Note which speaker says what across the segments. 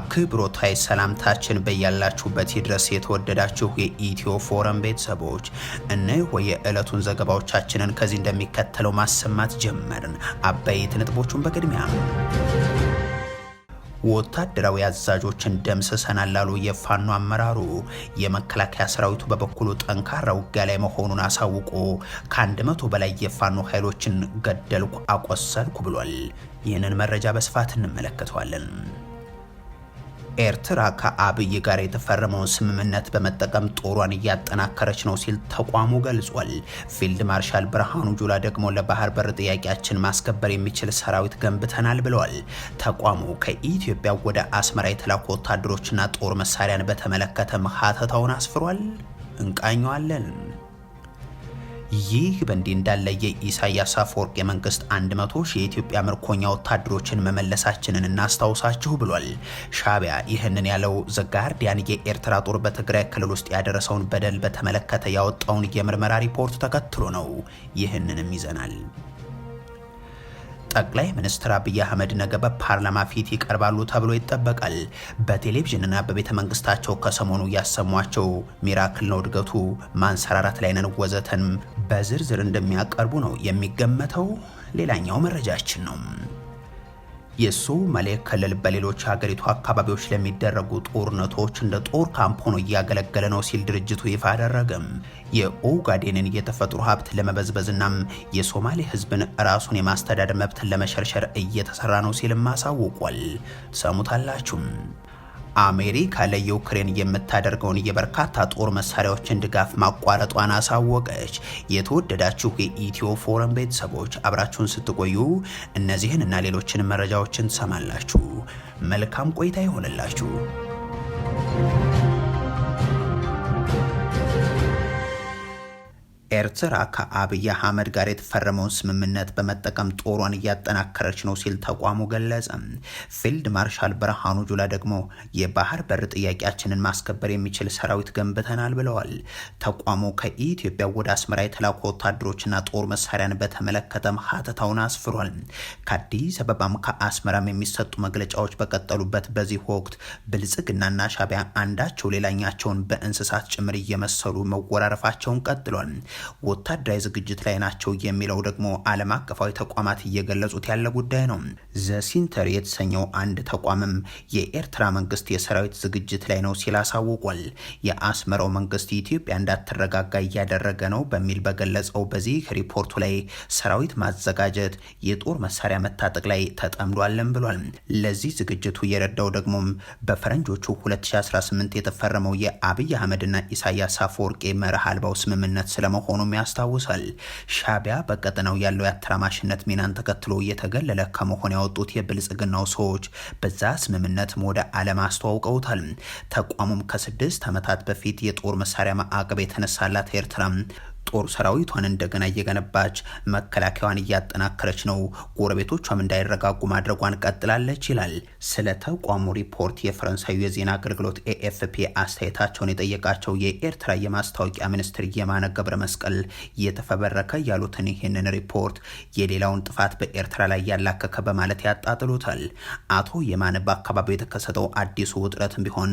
Speaker 1: አክብሮታዊ ሰላምታችን በያላችሁበት ይድረስ። የተወደዳችሁ የኢትዮ ፎረም ቤተሰቦች እነሆ የዕለቱን ዘገባዎቻችንን ከዚህ እንደሚከተለው ማሰማት ጀመርን። አበይት ነጥቦቹን በቅድሚያ ወታደራዊ አዛዦችን ደምስሰናል ላሉ የፋኖ አመራሩ የመከላከያ ሰራዊቱ በበኩሉ ጠንካራ ውጊያ ላይ መሆኑን አሳውቆ ከአንድ መቶ በላይ የፋኖ ኃይሎችን ገደልኩ አቆሰልኩ ብሏል። ይህንን መረጃ በስፋት እንመለከተዋለን። ኤርትራ ከአብይ ጋር የተፈረመውን ስምምነት በመጠቀም ጦሯን እያጠናከረች ነው ሲል ተቋሙ ገልጿል። ፊልድ ማርሻል ብርሃኑ ጁላ ደግሞ ለባህር በር ጥያቄያችን ማስከበር የሚችል ሰራዊት ገንብተናል ብለዋል። ተቋሙ ከኢትዮጵያ ወደ አስመራ የተላኩ ወታደሮችና ጦር መሳሪያን በተመለከተ ሀተታውን አስፍሯል። እንቃኘዋለን። ይህ በእንዲህ እንዳለ የኢሳያስ አፈወርቅ የመንግስት 100 ሺህ የኢትዮጵያ ምርኮኛ ወታደሮችን መመለሳችንን እናስታውሳችሁ ብሏል። ሻቢያ ይህንን ያለው ዘጋርዲያን የኤርትራ ጦር በትግራይ ክልል ውስጥ ያደረሰውን በደል በተመለከተ ያወጣውን የምርመራ ሪፖርት ተከትሎ ነው። ይህንንም ይዘናል። ጠቅላይ ሚኒስትር አብይ አህመድ ነገ በፓርላማ ፊት ይቀርባሉ ተብሎ ይጠበቃል። በቴሌቪዥንና በቤተ መንግስታቸው ከሰሞኑ ያሰሟቸው ሚራክል ነው እድገቱ፣ ማንሰራራት ላይ ነን ወዘተን በዝርዝር እንደሚያቀርቡ ነው የሚገመተው። ሌላኛው መረጃችን ነው። የሶማሌ ክልል በሌሎች ሀገሪቱ አካባቢዎች ለሚደረጉ ጦርነቶች እንደ ጦር ካምፕ ሆኖ እያገለገለ ነው ሲል ድርጅቱ ይፋ አደረገም። የኦጋዴንን የተፈጥሮ ሀብት ለመበዝበዝና የሶማሌ ሕዝብን ራሱን የማስተዳደር መብትን ለመሸርሸር እየተሰራ ነው ሲልም አሳውቋል። ሰሙታላችሁም። አሜሪካ ለዩክሬን የምታደርገውን የበርካታ ጦር መሳሪያዎችን ድጋፍ ማቋረጧን አሳወቀች። የተወደዳችሁ የኢትዮ ፎረም ቤተሰቦች አብራችሁን ስትቆዩ እነዚህን እና ሌሎችን መረጃዎችን ትሰማላችሁ። መልካም ቆይታ ይሆንላችሁ። ኤርትራ ከአብይ አህመድ ጋር የተፈረመውን ስምምነት በመጠቀም ጦሯን እያጠናከረች ነው ሲል ተቋሙ ገለጸ። ፊልድ ማርሻል ብርሃኑ ጁላ ደግሞ የባህር በር ጥያቄያችንን ማስከበር የሚችል ሰራዊት ገንብተናል ብለዋል። ተቋሙ ከኢትዮጵያ ወደ አስመራ የተላኩ ወታደሮችና ጦር መሳሪያን በተመለከተም ሀተታውን አስፍሯል። ከአዲስ አበባም ከአስመራም የሚሰጡ መግለጫዎች በቀጠሉበት በዚህ ወቅት ብልጽግናና ሻቢያ አንዳቸው ሌላኛቸውን በእንስሳት ጭምር እየመሰሉ መወራረፋቸውን ቀጥሏል። ወታደራዊ ዝግጅት ላይ ናቸው የሚለው ደግሞ ዓለም አቀፋዊ ተቋማት እየገለጹት ያለ ጉዳይ ነው። ዘሲንተር የተሰኘው አንድ ተቋምም የኤርትራ መንግስት የሰራዊት ዝግጅት ላይ ነው ሲል አሳውቋል። የአስመራው መንግስት ኢትዮጵያ እንዳትረጋጋ እያደረገ ነው በሚል በገለጸው በዚህ ሪፖርቱ ላይ ሰራዊት ማዘጋጀት፣ የጦር መሳሪያ መታጠቅ ላይ ተጠምዷለን ብሏል። ለዚህ ዝግጅቱ የረዳው ደግሞም በፈረንጆቹ 2018 የተፈረመው የአብይ አህመድና ኢሳያስ አፈወርቄ መርህ አልባው ስምምነት ስለመሆኑ መሆኑም ያስታውሳል። ሻቢያ በቀጠናው ያለው የአተራማሽነት ሚናን ተከትሎ እየተገለለ ከመሆን ያወጡት የብልጽግናው ሰዎች በዛ ስምምነት ወደ ዓለም አስተዋውቀውታል። ተቋሙም ከስድስት ዓመታት በፊት የጦር መሳሪያ ማዕቀብ የተነሳላት ኤርትራ ጦር ሰራዊቷን እንደገና እየገነባች መከላከያዋን እያጠናከረች ነው፣ ጎረቤቶቿም እንዳይረጋጉ ማድረጓን ቀጥላለች ይላል። ስለ ተቋሙ ሪፖርት የፈረንሳዩ የዜና አገልግሎት ኤኤፍፒ አስተያየታቸውን የጠየቃቸው የኤርትራ የማስታወቂያ ሚኒስትር የማነ ገብረ መስቀል እየተፈበረከ ያሉትን ይህንን ሪፖርት የሌላውን ጥፋት በኤርትራ ላይ ያላከከ በማለት ያጣጥሉታል። አቶ የማነ በአካባቢው የተከሰተው አዲሱ ውጥረትም ቢሆን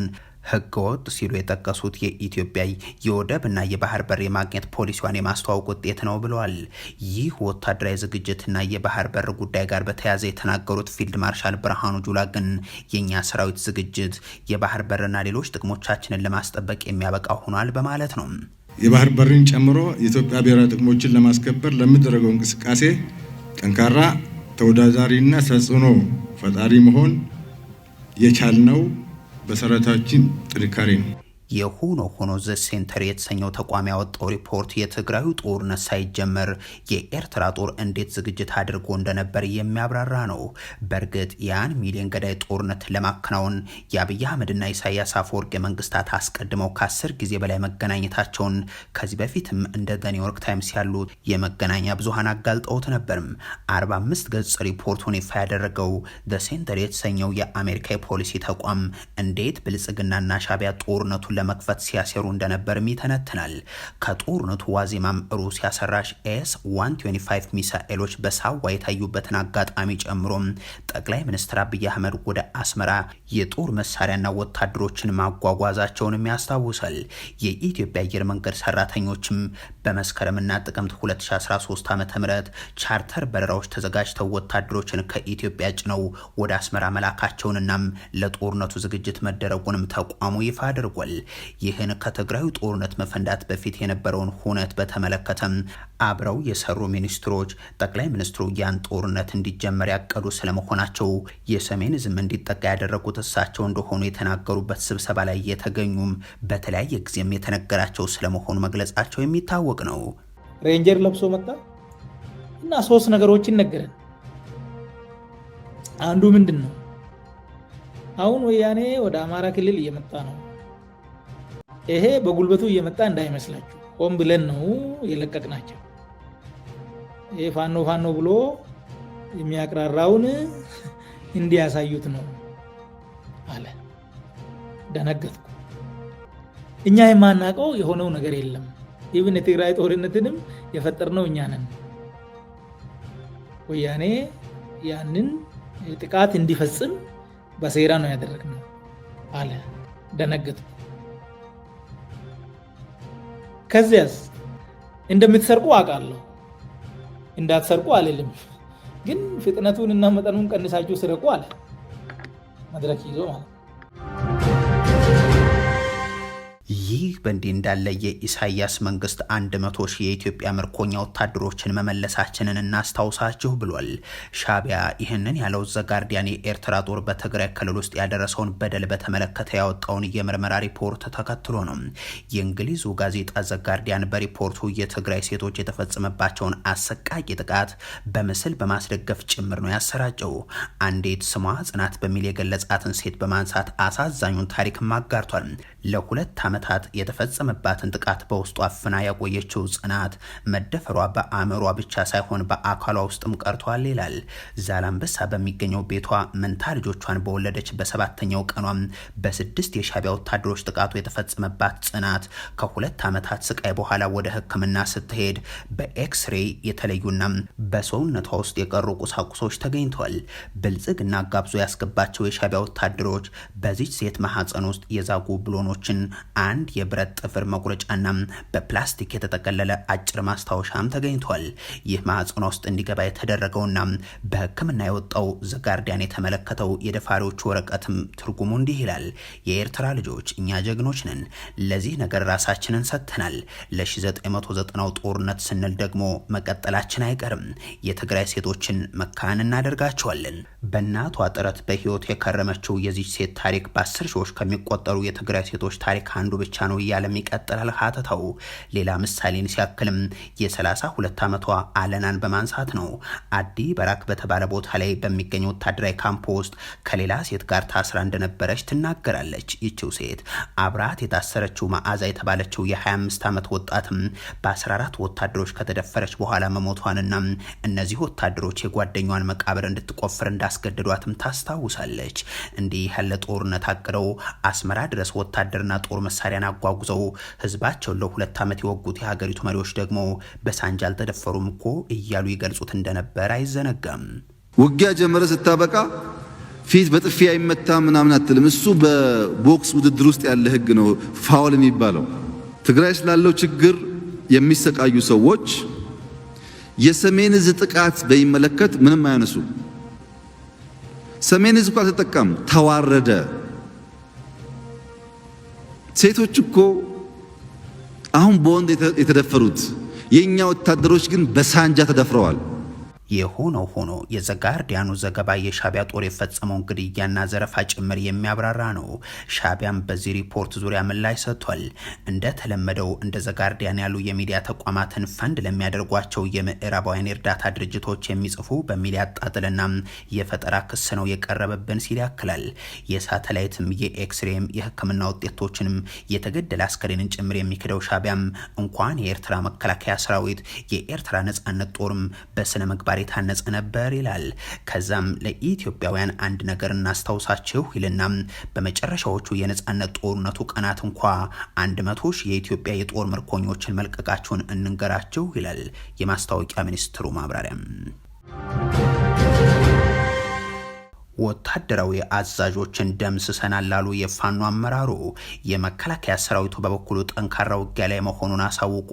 Speaker 1: ህገወጥ ሲሉ የጠቀሱት የኢትዮጵያ የወደብና የባህር በር የማግኘት ፖሊሲዋን የማስተዋወቅ ውጤት ነው ብለዋል። ይህ ወታደራዊ ዝግጅትና የባህር በር ጉዳይ ጋር በተያያዘ የተናገሩት ፊልድ ማርሻል ብርሃኑ ጁላ ግን የእኛ ሰራዊት ዝግጅት የባህር በርና ሌሎች ጥቅሞቻችንን ለማስጠበቅ የሚያበቃ ሆኗል በማለት ነው።
Speaker 2: የባህር በርን ጨምሮ የኢትዮጵያ ብሔራዊ ጥቅሞችን ለማስከበር ለሚደረገው እንቅስቃሴ ጠንካራ ተወዳዳሪና ተጽዕኖ ፈጣሪ መሆን የቻልነው መሰረታችን ጥንካሬ ነው።
Speaker 1: የሆኖ ሆኖ ዘ ሴንተር የተሰኘው ተቋም ያወጣው ሪፖርት የትግራዩ ጦርነት ሳይጀመር የኤርትራ ጦር እንዴት ዝግጅት አድርጎ እንደነበር የሚያብራራ ነው። በእርግጥ የአንድ ሚሊዮን ገዳይ ጦርነት ለማከናወን የአብይ አህመድና ኢሳያስ አፈወርቂ መንግስታት አስቀድመው ከአስር ጊዜ በላይ መገናኘታቸውን ከዚህ በፊትም እንደ ዘ ኒውዮርክ ታይምስ ያሉ የመገናኛ ብዙሀን አጋልጠውት ነበርም። 45 ገጽ ሪፖርቱን ይፋ ያደረገው ዘ ሴንተር የተሰኘው የአሜሪካ የፖሊሲ ተቋም እንዴት ብልጽግናና ሻቢያ ጦርነቱን ለመክፈት ሲያሴሩ እንደነበርም ይተነትናል። ከጦርነቱ ዋዜማም ሩሲያ ሰራሽ ኤስ 125 ሚሳኤሎች በሳዋ የታዩበትን አጋጣሚ ጨምሮ ጠቅላይ ሚኒስትር አብይ አህመድ ወደ አስመራ የጦር መሳሪያና ወታደሮችን ማጓጓዛቸውንም ያስታውሳል። የኢትዮጵያ አየር መንገድ ሰራተኞችም በመስከረምና ጥቅምት 2013 ዓ.ም ቻርተር በረራዎች ተዘጋጅተው ወታደሮችን ከኢትዮጵያ ጭነው ወደ አስመራ መላካቸውንናም ለጦርነቱ ዝግጅት መደረጉንም ተቋሙ ይፋ አድርጓል። ይህን ከትግራዩ ጦርነት መፈንዳት በፊት የነበረውን ሁነት በተመለከተም አብረው የሰሩ ሚኒስትሮች ጠቅላይ ሚኒስትሩ ያን ጦርነት እንዲጀመር ያቀዱ ስለመሆናቸው የሰሜን ዝም እንዲጠጋ ያደረጉት እሳቸው እንደሆኑ የተናገሩበት ስብሰባ ላይ የተገኙም በተለያየ ጊዜም የተነገራቸው ስለመሆኑ መግለጻቸው የሚታወቅ ነው።
Speaker 3: ሬንጀር ለብሶ መጣ እና ሶስት ነገሮች ይነገረን። አንዱ ምንድን ነው? አሁን ወያኔ ወደ አማራ ክልል እየመጣ ነው ይሄ በጉልበቱ እየመጣ እንዳይመስላችሁ ቆም ብለን ነው የለቀቅናቸው። ይሄ ፋኖ ፋኖ ብሎ የሚያቅራራውን እንዲያሳዩት ነው አለ። ደነገጥኩ። እኛ የማናውቀው የሆነው ነገር የለም። ይብን የትግራይ ጦርነትንም የፈጠርነው እኛ ነን። ወያኔ ያንን ጥቃት እንዲፈጽም በሴራ ነው ያደረግነው አለ። ደነገጥኩ። ከዚያስ እንደምትሰርቁ አውቃለሁ፣ እንዳትሰርቁ አልልም፣ ግን ፍጥነቱን እና መጠኑን ቀንሳችሁ ስረቁ አለ መድረክ ይዞ ማለት
Speaker 1: ይህ በእንዲህ እንዳለ የኢሳያስ መንግስት 100 ሺህ የኢትዮጵያ ምርኮኛ ወታደሮችን መመለሳችንን እናስታውሳችሁ ብሏል። ሻቢያ ይህንን ያለው ዘጋርዲያን የኤርትራ ጦር በትግራይ ክልል ውስጥ ያደረሰውን በደል በተመለከተ ያወጣውን የምርመራ ሪፖርት ተከትሎ ነው። የእንግሊዙ ጋዜጣ ዘጋርዲያን በሪፖርቱ የትግራይ ሴቶች የተፈጸመባቸውን አሰቃቂ ጥቃት በምስል በማስደገፍ ጭምር ነው ያሰራጨው። አንዲት ስሟ ጽናት በሚል የገለጻትን ሴት በማንሳት አሳዛኙን ታሪክም አጋርቷል። ለሁለት ዓመት ዓመታት የተፈጸመባትን ጥቃት በውስጡ አፍና ያቆየችው ጽናት መደፈሯ በአእምሯ ብቻ ሳይሆን በአካሏ ውስጥም ቀርቷል ይላል። ዛላምበሳ በሚገኘው ቤቷ መንታ ልጆቿን በወለደች በሰባተኛው ቀኗም በስድስት የሻቢያ ወታደሮች ጥቃቱ የተፈጸመባት ጽናት ከሁለት ዓመታት ስቃይ በኋላ ወደ ሕክምና ስትሄድ በኤክስሬይ የተለዩና በሰውነቷ ውስጥ የቀሩ ቁሳቁሶች ተገኝተዋል። ብልጽግና ጋብዞ ያስገባቸው የሻቢያ ወታደሮች በዚች ሴት ማህፀን ውስጥ የዛጉ ብሎኖችን አንድ የብረት ጥፍር መቁረጫና በፕላስቲክ የተጠቀለለ አጭር ማስታወሻም ተገኝቷል። ይህ ማዕፀኗ ውስጥ እንዲገባ የተደረገውና በሕክምና የወጣው ዘጋርዲያን የተመለከተው የደፋሪዎቹ ወረቀትም ትርጉሙ እንዲህ ይላል። የኤርትራ ልጆች እኛ ጀግኖች ነን። ለዚህ ነገር ራሳችንን ሰጥተናል። ለ1990ው ጦርነት ስንል ደግሞ መቀጠላችን አይቀርም። የትግራይ ሴቶችን መካን እናደርጋቸዋለን። በእናቷ ጥረት በህይወት የከረመችው የዚች ሴት ታሪክ በአስር ሺዎች ከሚቆጠሩ የትግራይ ሴቶች ታሪክ አንዱ ብቻ ነው እያለም ይቀጥላል ሀተታው። ሌላ ምሳሌን ሲያክልም የ32 ዓመቷ አለናን በማንሳት ነው። አዲ በራክ በተባለ ቦታ ላይ በሚገኘው ወታደራዊ ካምፕ ውስጥ ከሌላ ሴት ጋር ታስራ እንደነበረች ትናገራለች። ይችው ሴት አብራት የታሰረችው መዓዛ የተባለችው የ25 ዓመት ወጣትም በ14 ወታደሮች ከተደፈረች በኋላ መሞቷንና እነዚህ ወታደሮች የጓደኛዋን መቃብር እንድትቆፍር እንዳስገድዷትም ታስታውሳለች። እንዲህ ያለ ጦርነት አቅደው አስመራ ድረስ ወታደርና ጦር መ መሳሪያን አጓጉዘው ህዝባቸውን ለሁለት ዓመት የወጉት የሀገሪቱ መሪዎች ደግሞ በሳንጃ አልተደፈሩም እኮ እያሉ ይገልጹት እንደነበር አይዘነጋም።
Speaker 2: ውጊያ ጀመረ ስታበቃ ፊት በጥፊ አይመታ ምናምን አትልም። እሱ በቦክስ ውድድር ውስጥ ያለ ህግ ነው ፋውል የሚባለው። ትግራይ ስላለው ችግር የሚሰቃዩ ሰዎች የሰሜን እዝ ጥቃት በሚመለከት ምንም አያነሱ። ሰሜን እዝ እኮ አልተጠቃም፣ ተዋረደ። ሴቶች እኮ አሁን በወንድ የተደፈሩት የእኛ ወታደሮች ግን በሳንጃ ተደፍረዋል።
Speaker 1: የሆነው ሆኖ የዘጋርዲያኑ ዘገባ የሻቢያ ጦር የፈጸመውን ግድያና ዘረፋ ጭምር የሚያብራራ ነው። ሻቢያም በዚህ ሪፖርት ዙሪያ ምላሽ ሰጥቷል። እንደተለመደው እንደ ዘጋርዲያን ያሉ የሚዲያ ተቋማትን ፈንድ ለሚያደርጓቸው የምዕራባውያን የእርዳታ ድርጅቶች የሚጽፉ በሚል ያጣጥልና የፈጠራ ክስ ነው የቀረበብን ሲል ያክላል። የሳተላይትም የኤክስሬም የሕክምና ውጤቶችንም የተገደለ አስከሬንን ጭምር የሚክደው ሻቢያም እንኳን የኤርትራ መከላከያ ሰራዊት የኤርትራ ነጻነት ጦርም በስነ ምግባር ጋር የታነጸ ነበር ይላል። ከዛም ለኢትዮጵያውያን አንድ ነገር እናስታውሳችሁ ይልና በመጨረሻዎቹ የነጻነት ጦርነቱ ቀናት እንኳ አንድ መቶ ሺህ የኢትዮጵያ የጦር ምርኮኞችን መልቀቃቸውን እንንገራችሁ ይላል የማስታወቂያ ሚኒስትሩ ማብራሪያም ወታደራዊ አዛዦችን ደምስሰናል ላሉ የፋኖ አመራሩ የመከላከያ ሰራዊቱ በበኩሉ ጠንካራ ውጊያ ላይ መሆኑን አሳውቆ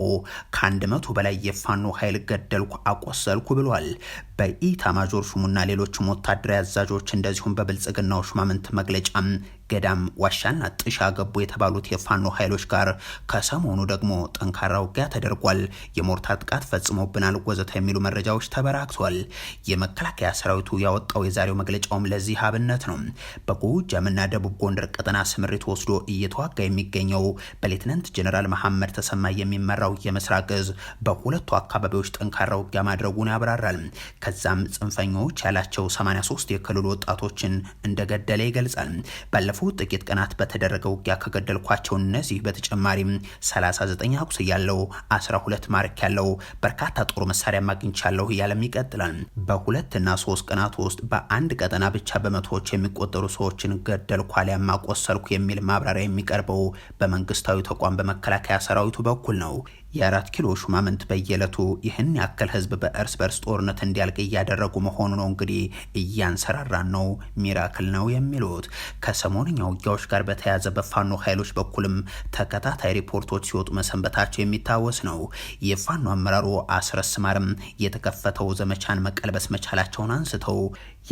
Speaker 1: ከአንድ መቶ በላይ የፋኖ ኃይል ገደልኩ አቆሰልኩ ብሏል። በኢታማዦር ሹሙና ሌሎችም ወታደራዊ አዛዦች እንደዚሁም በብልጽግናው ሹማምንት መግለጫም ገዳም ዋሻና ጥሻ ገቡ የተባሉት የፋኖ ኃይሎች ጋር ከሰሞኑ ደግሞ ጠንካራ ውጊያ ተደርጓል፣ የሞርታ ጥቃት ፈጽሞብናል ወዘተ የሚሉ መረጃዎች ተበራክቷል። የመከላከያ ሰራዊቱ ያወጣው የዛሬው መግለጫውም ለዚህ አብነት ነው። በጎጃምና ደቡብ ጎንደር ቀጠና ስምሪት ወስዶ እየተዋጋ የሚገኘው በሌትናንት ጀኔራል መሐመድ ተሰማ የሚመራው የምስራቅ እዝ በሁለቱ አካባቢዎች ጠንካራ ውጊያ ማድረጉን ያብራራል። ከዛም ጽንፈኞች ያላቸው 83 የክልሉ ወጣቶችን እንደገደለ ይገልጻል። ባለፉት ጥቂት ቀናት በተደረገ ውጊያ ከገደልኳቸው እነዚህ በተጨማሪም 39 አቁስ ያለው 12 ማርክ ያለው በርካታ ጦር መሳሪያ ማግኝቻለሁ እያለም ይቀጥላል። በሁለት እና ሶስት ቀናት ውስጥ በአንድ ቀጠና ብቻ በመቶዎች የሚቆጠሩ ሰዎችን ገደልኩ አሊያም አቆሰልኩ የሚል ማብራሪያ የሚቀርበው በመንግስታዊ ተቋም በመከላከያ ሰራዊቱ በኩል ነው። የአራት ኪሎ ሹማምንት በየዕለቱ ይህን ያክል ህዝብ በእርስ በርስ ጦርነት እንዲያልቅ እያደረጉ መሆኑ ነው እንግዲህ እያንሰራራን ነው ሚራክል ነው የሚሉት። ከሰሞነኛ ውጊያዎች ጋር በተያያዘ በፋኖ ኃይሎች በኩልም ተከታታይ ሪፖርቶች ሲወጡ መሰንበታቸው የሚታወስ ነው። የፋኖ አመራሩ አስረስ ማርም የተከፈተው ዘመቻን መቀልበስ መቻላቸውን አንስተው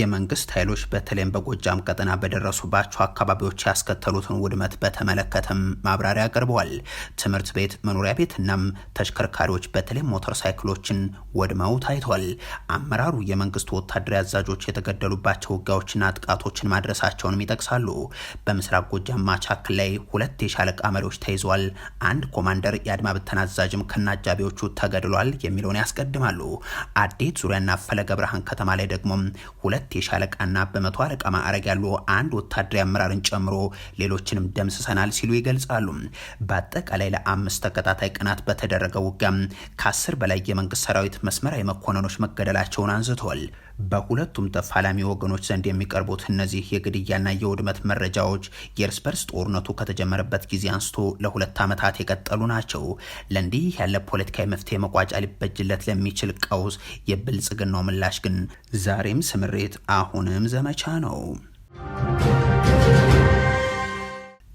Speaker 1: የመንግስት ኃይሎች በተለይም በጎጃም ቀጠና በደረሱባቸው አካባቢዎች ያስከተሉትን ውድመት በተመለከተም ማብራሪያ አቅርበዋል። ትምህርት ቤት፣ መኖሪያ ቤትና እናም ተሽከርካሪዎች በተለይ ሞተር ሳይክሎችን ወድመው ታይቷል። አመራሩ የመንግስቱ ወታደራዊ አዛዦች የተገደሉባቸው ውጊያዎችና ጥቃቶችን ማድረሳቸውንም ይጠቅሳሉ። በምስራቅ ጎጃም ማቻክል ላይ ሁለት የሻለቃ መሪዎች ተይዟል፣ አንድ ኮማንደር የአድማ ብተና አዛዥም ተገድሏል የሚለውን ያስቀድማሉ። አዴት ዙሪያና ፈለገ ብርሃን ከተማ ላይ ደግሞ ሁለት የሻለቃና በመቶ አለቃ ማዕረግ ያሉ አንድ ወታደራዊ አመራርን ጨምሮ ሌሎችንም ደምስሰናል ሲሉ ይገልጻሉ። በአጠቃላይ ለአምስት ተከታታይ ቀናት በተ በተደረገ ውጊያም ከአስር በላይ የመንግስት ሰራዊት መስመራዊ መኮንኖች መገደላቸውን አንስተዋል። በሁለቱም ተፋላሚ ወገኖች ዘንድ የሚቀርቡት እነዚህ የግድያና የውድመት መረጃዎች የእርስ በርስ ጦርነቱ ከተጀመረበት ጊዜ አንስቶ ለሁለት ዓመታት የቀጠሉ ናቸው። ለእንዲህ ያለ ፖለቲካዊ መፍትሄ መቋጫ ሊበጅለት ለሚችል ቀውስ የብልጽግናው ምላሽ ግን ዛሬም ስምሬት፣ አሁንም ዘመቻ ነው።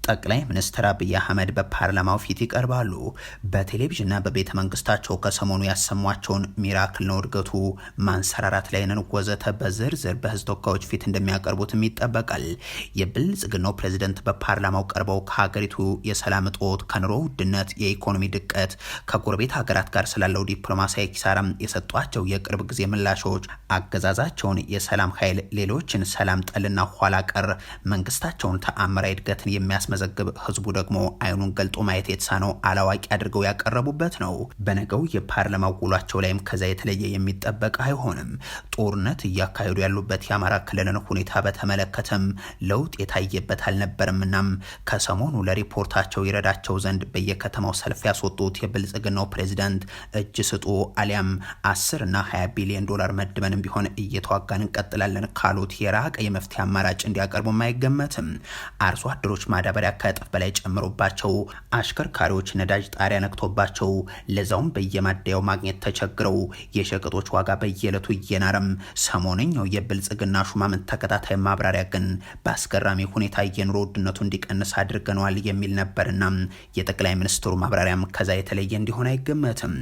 Speaker 1: ጠቅላይ ሚኒስትር አብይ አህመድ በፓርላማው ፊት ይቀርባሉ። በቴሌቪዥንና በቤተ መንግስታቸው ከሰሞኑ ያሰሟቸውን ሚራክል ነው እድገቱ ማንሰራራት ላይ ነን ወዘተ በዝርዝር በህዝብ ተወካዮች ፊት እንደሚያቀርቡትም ይጠበቃል። የብልጽግናው ፕሬዚደንት በፓርላማው ቀርበው ከሀገሪቱ የሰላም እጦት፣ ከኑሮ ውድነት፣ የኢኮኖሚ ድቀት፣ ከጎረቤት ሀገራት ጋር ስላለው ዲፕሎማሲያዊ ኪሳራም የሰጧቸው የቅርብ ጊዜ ምላሾች አገዛዛቸውን የሰላም ኃይል ሌሎችን ሰላም ጠልና ኋላ ቀር መንግስታቸውን ተአምራዊ እድገትን የሚያስመ ሲመዘግብ ህዝቡ ደግሞ አይኑን ገልጦ ማየት የተሳነው አላዋቂ አድርገው ያቀረቡበት ነው። በነገው የፓርላማ ውሏቸው ላይም ከዛ የተለየ የሚጠበቅ አይሆንም። ጦርነት እያካሄዱ ያሉበት የአማራ ክልልን ሁኔታ በተመለከተም ለውጥ የታየበት አልነበርም። እናም ከሰሞኑ ለሪፖርታቸው ይረዳቸው ዘንድ በየከተማው ሰልፍ ያስወጡት የብልጽግናው ፕሬዚዳንት እጅ ስጡ አሊያም 10 እና 20 ቢሊዮን ዶላር መድበንም ቢሆን እየተዋጋን እንቀጥላለን ካሉት የራቀ የመፍትሄ አማራጭ እንዲያቀርቡም አይገመትም። አርሶ አደሮች ማዳበሪያ መሳሪያ ከእጥፍ በላይ ጨምሮባቸው አሽከርካሪዎች ነዳጅ ጣሪያ ነክቶባቸው ለዛውም በየማደያው ማግኘት ተቸግረው የሸቀጦች ዋጋ በየዕለቱ እየናረም ሰሞነኛው የብልጽግና ሹማምንት ተከታታይ ማብራሪያ ግን በአስገራሚ ሁኔታ የኑሮ ውድነቱ እንዲቀንስ አድርገነዋል የሚል ነበርና የጠቅላይ ሚኒስትሩ ማብራሪያም ከዛ የተለየ እንዲሆን አይገመትም።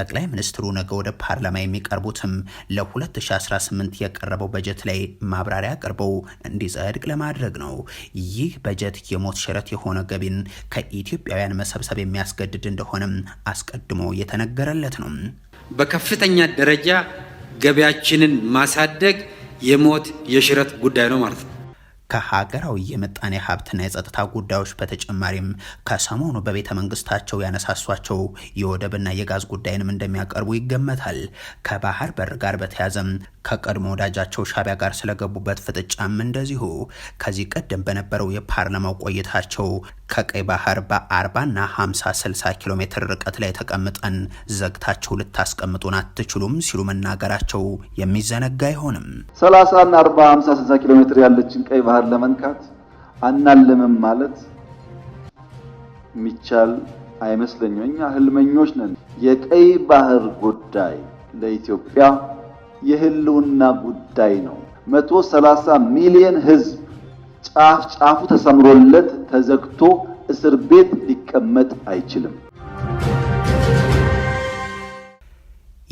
Speaker 1: ጠቅላይ ሚኒስትሩ ነገ ወደ ፓርላማ የሚቀርቡትም ለ2018 የቀረበው በጀት ላይ ማብራሪያ አቅርበው እንዲጸድቅ ለማድረግ ነው። ይህ በጀት የሞት ሞት ሽረት የሆነ ገቢን ከኢትዮጵያውያን መሰብሰብ የሚያስገድድ እንደሆነም አስቀድሞ የተነገረለት ነው።
Speaker 2: በከፍተኛ ደረጃ ገቢያችንን ማሳደግ የሞት የሽረት ጉዳይ ነው ማለት ነው።
Speaker 1: ከሀገራዊ የምጣኔ ሀብትና የጸጥታ ጉዳዮች በተጨማሪም ከሰሞኑ በቤተ መንግስታቸው ያነሳሷቸው የወደብና የጋዝ ጉዳይንም እንደሚያቀርቡ ይገመታል። ከባህር በር ጋር በተያዘም ከቀድሞ ወዳጃቸው ሻቢያ ጋር ስለገቡበት ፍጥጫም እንደዚሁ ከዚህ ቀደም በነበረው የፓርላማው ቆይታቸው ከቀይ ባህር በ40 እና 50 60 ኪሎ ሜትር ርቀት ላይ ተቀምጠን ዘግታችሁ ልታስቀምጡን አትችሉም ሲሉ መናገራቸው የሚዘነጋ አይሆንም።
Speaker 2: 30 እና 40፣ 50፣ 60 ኪሎ ሜትር ያለችን ቀይ ባህር ለመንካት አናልምም ማለት የሚቻል አይመስለኝም። እኛ ህልመኞች ነን። የቀይ ባህር ጉዳይ ለኢትዮጵያ የህልውና ጉዳይ ነው። 130 ሚሊዮን ህዝብ ጫፍ ጫፉ ተሰምሮለት ተዘግቶ እስር ቤት ሊቀመጥ አይችልም።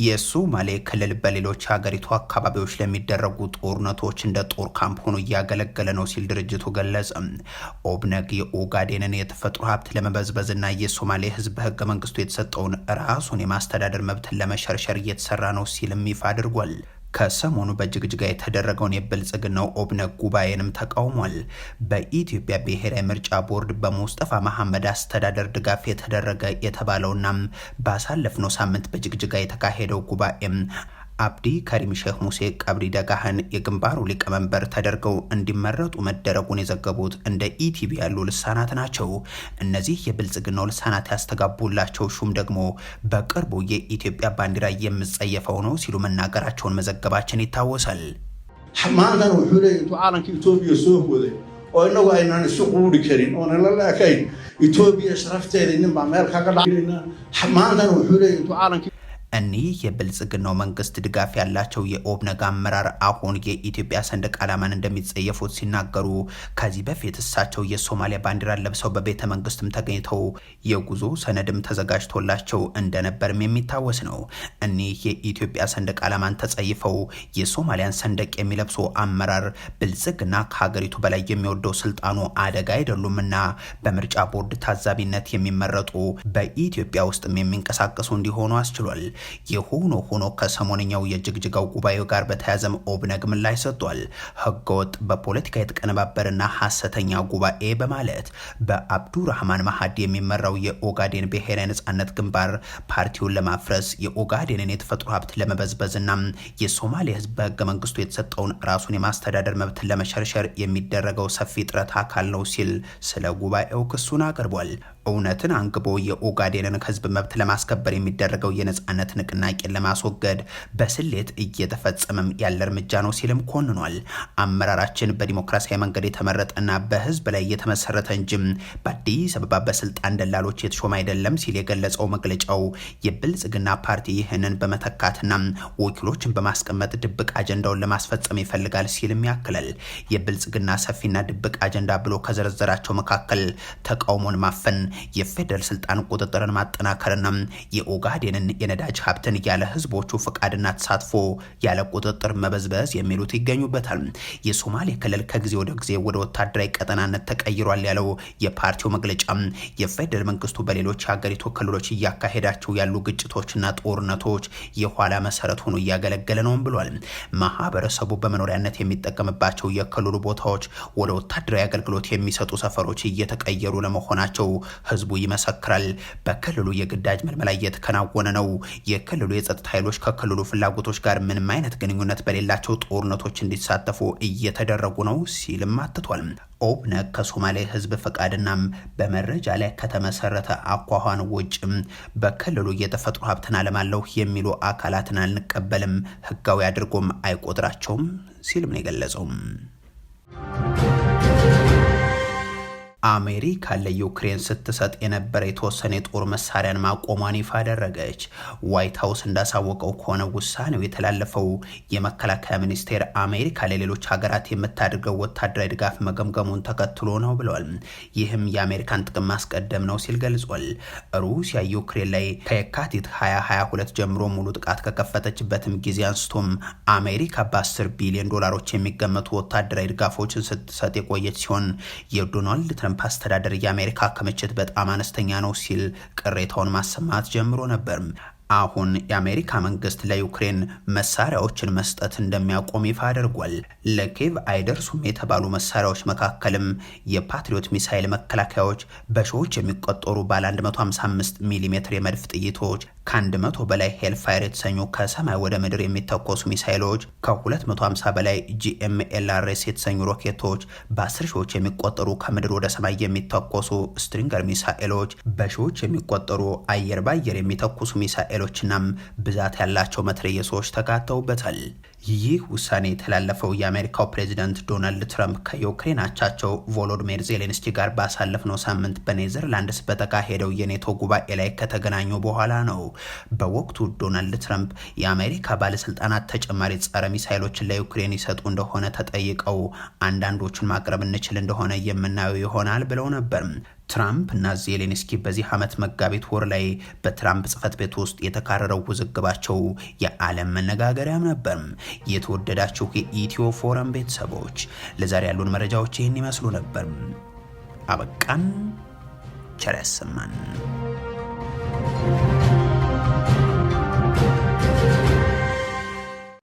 Speaker 1: የሶማሌ ክልል በሌሎች ሀገሪቱ አካባቢዎች ለሚደረጉ ጦርነቶች እንደ ጦር ካምፕ ሆኖ እያገለገለ ነው ሲል ድርጅቱ ገለጸ። ኦብነግ የኦጋዴንን የተፈጥሮ ሀብት ለመበዝበዝና የሶማሌ ሕዝብ በህገ መንግስቱ የተሰጠውን ራሱን የማስተዳደር መብትን ለመሸርሸር እየተሰራ ነው ሲልም ይፋ አድርጓል። ከሰሞኑ በጅግጅጋ የተደረገውን የብልጽግናው ኦብነግ ጉባኤንም ተቃውሟል። በኢትዮጵያ ብሔራዊ ምርጫ ቦርድ በሙስጠፋ መሐመድ አስተዳደር ድጋፍ የተደረገ የተባለውና ባሳለፍነው ሳምንት በጅግጅጋ የተካሄደው ጉባኤም አብዲ ከሪም ሼህ ሙሴ ቀብሪ ደጋህን የግንባሩ ሊቀመንበር ተደርገው እንዲመረጡ መደረጉን የዘገቡት እንደ ኢቲቪ ያሉ ልሳናት ናቸው። እነዚህ የብልጽግናው ልሳናት ያስተጋቡላቸው ሹም ደግሞ በቅርቡ የኢትዮጵያ ባንዲራ የምጸየፈው ነው ሲሉ መናገራቸውን መዘገባችን ይታወሳል።
Speaker 2: ኢትዮጵያ
Speaker 1: እኒህ የብልጽግናው መንግስት ድጋፍ ያላቸው የኦብነግ አመራር አሁን የኢትዮጵያ ሰንደቅ ዓላማን እንደሚጸየፉት ሲናገሩ ከዚህ በፊት እሳቸው የሶማሊያ ባንዲራ ለብሰው በቤተ መንግስትም ተገኝተው የጉዞ ሰነድም ተዘጋጅቶላቸው እንደነበርም የሚታወስ ነው። እኒህ የኢትዮጵያ ሰንደቅ ዓላማን ተጸይፈው የሶማሊያን ሰንደቅ የሚለብሱ አመራር ብልጽግና ከሀገሪቱ በላይ የሚወደው ስልጣኑ አደጋ አይደሉምና በምርጫ ቦርድ ታዛቢነት የሚመረጡ በኢትዮጵያ ውስጥም የሚንቀሳቀሱ እንዲሆኑ አስችሏል። የሆኖ ሆኖ ከሰሞንኛው የጅግጅጋው ጉባኤ ጋር በተያዘም ኦብነግ ምላሽ ሰጥቷል። ህገወጥ በፖለቲካ የተቀነባበረና ሀሰተኛ ጉባኤ በማለት በአብዱራህማን ማሀዲ የሚመራው የኦጋዴን ብሔራዊ ነጻነት ግንባር ፓርቲውን ለማፍረስ የኦጋዴንን የተፈጥሮ ሀብት ለመበዝበዝና የሶማሌ ህዝብ በህገ መንግስቱ የተሰጠውን ራሱን የማስተዳደር መብትን ለመሸርሸር የሚደረገው ሰፊ ጥረት አካል ነው ሲል ስለ ጉባኤው ክሱን አቅርቧል። እውነትን አንግቦ የኦጋዴንን ህዝብ መብት ለማስከበር የሚደረገው የነጻነት ንቅናቄን ለማስወገድ በስሌት እየተፈጸመም ያለ እርምጃ ነው ሲልም ኮንኗል። አመራራችን በዲሞክራሲያዊ መንገድ የተመረጠና በህዝብ ላይ የተመሰረተ እንጂ በአዲስ አበባ በስልጣን ደላሎች የተሾመ አይደለም ሲል የገለጸው መግለጫው የብልጽግና ፓርቲ ይህንን በመተካትና ወኪሎችን በማስቀመጥ ድብቅ አጀንዳውን ለማስፈጸም ይፈልጋል ሲልም ያክላል። የብልጽግና ሰፊና ድብቅ አጀንዳ ብሎ ከዘረዘራቸው መካከል ተቃውሞን ማፈን የፌደራል ስልጣን ቁጥጥርን ማጠናከርና የኦጋዴንን የነዳጅ ሀብትን ያለ ህዝቦቹ ፈቃድና ተሳትፎ ያለ ቁጥጥር መበዝበዝ የሚሉት ይገኙበታል። የሶማሌ ክልል ከጊዜ ወደ ጊዜ ወደ ወታደራዊ ቀጠናነት ተቀይሯል ያለው የፓርቲው መግለጫ የፌደራል መንግስቱ በሌሎች የሀገሪቱ ክልሎች እያካሄዳቸው ያሉ ግጭቶችና ጦርነቶች የኋላ መሰረት ሆኖ እያገለገለ ነውም ብሏል። ማህበረሰቡ በመኖሪያነት የሚጠቀምባቸው የክልሉ ቦታዎች ወደ ወታደራዊ አገልግሎት የሚሰጡ ሰፈሮች እየተቀየሩ ለመሆናቸው ህዝቡ ይመሰክራል። በክልሉ የግዳጅ መልመላ እየተከናወነ ነው። የክልሉ የጸጥታ ኃይሎች ከክልሉ ፍላጎቶች ጋር ምንም አይነት ግንኙነት በሌላቸው ጦርነቶች እንዲሳተፉ እየተደረጉ ነው ሲልም አትቷል። ኦብነግ ከሶማሌ ህዝብ ፈቃድናም በመረጃ ላይ ከተመሰረተ አኳኋን ውጭም በክልሉ የተፈጥሮ ሀብትን አለማለሁ የሚሉ አካላትን አልንቀበልም፣ ህጋዊ አድርጎም አይቆጥራቸውም ሲልም ነው የገለጸውም። አሜሪካ ለዩክሬን ስትሰጥ የነበረ የተወሰነ የጦር መሳሪያን ማቆሟን ይፋ አደረገች። ዋይት ሀውስ እንዳሳወቀው ከሆነ ውሳኔው የተላለፈው የመከላከያ ሚኒስቴር አሜሪካ ለሌሎች ሀገራት የምታደርገው ወታደራዊ ድጋፍ መገምገሙን ተከትሎ ነው ብለዋል። ይህም የአሜሪካን ጥቅም ማስቀደም ነው ሲል ገልጿል። ሩሲያ ዩክሬን ላይ ከየካቲት 2022 ጀምሮ ሙሉ ጥቃት ከከፈተችበትም ጊዜ አንስቶም አሜሪካ በ10 ቢሊዮን ዶላሮች የሚገመቱ ወታደራዊ ድጋፎችን ስትሰጥ የቆየች ሲሆን የዶናልድ የትራምፕ አስተዳደር የአሜሪካ ክምችት በጣም አነስተኛ ነው ሲል ቅሬታውን ማሰማት ጀምሮ ነበር። አሁን የአሜሪካ መንግስት ለዩክሬን መሳሪያዎችን መስጠት እንደሚያቆም ይፋ አድርጓል። ለኬቭ አይደርሱም የተባሉ መሳሪያዎች መካከልም የፓትሪዮት ሚሳይል መከላከያዎች፣ በሺዎች የሚቆጠሩ ባለ 155 ሚሜ የመድፍ ጥይቶች ከ መቶ በላይ ሄልፋየር የተሰኙ ከሰማይ ወደ ምድር የሚተኮሱ ሚሳይሎች ከ250 በላይ ጂኤምኤልአርኤስ የተሰኙ ሮኬቶች በአስር ሺዎች የሚቆጠሩ ከምድር ወደ ሰማይ የሚተኮሱ ስትሪንገር ሚሳኤሎች በሺዎች የሚቆጠሩ አየር በአየር የሚተኩሱ ሚሳኤሎች ሚሳይሎችናም ብዛት ያላቸው መትረየሶች ተካተውበታል። ይህ ውሳኔ የተላለፈው የአሜሪካው ፕሬዚደንት ዶናልድ ትራምፕ ከዩክሬን አቻቸው ቮሎዲሚር ዜሌንስኪ ጋር ባሳለፍነው ሳምንት በኔዘርላንድስ በተካሄደው የኔቶ ጉባኤ ላይ ከተገናኙ በኋላ ነው። በወቅቱ ዶናልድ ትራምፕ የአሜሪካ ባለስልጣናት ተጨማሪ ጸረ ሚሳይሎችን ለዩክሬን ይሰጡ እንደሆነ ተጠይቀው አንዳንዶቹን ማቅረብ እንችል እንደሆነ የምናየው ይሆናል ብለው ነበር። ትራምፕ እና ዜሌንስኪ በዚህ ዓመት መጋቢት ወር ላይ በትራምፕ ጽህፈት ቤት ውስጥ የተካረረው ውዝግባቸው የዓለም መነጋገሪያም ነበር። የተወደዳችሁ የኢትዮ ፎረም ቤተሰቦች ለዛሬ ያሉን መረጃዎች ይህን ይመስሉ ነበር። አበቃን። ቸር ያሰማን።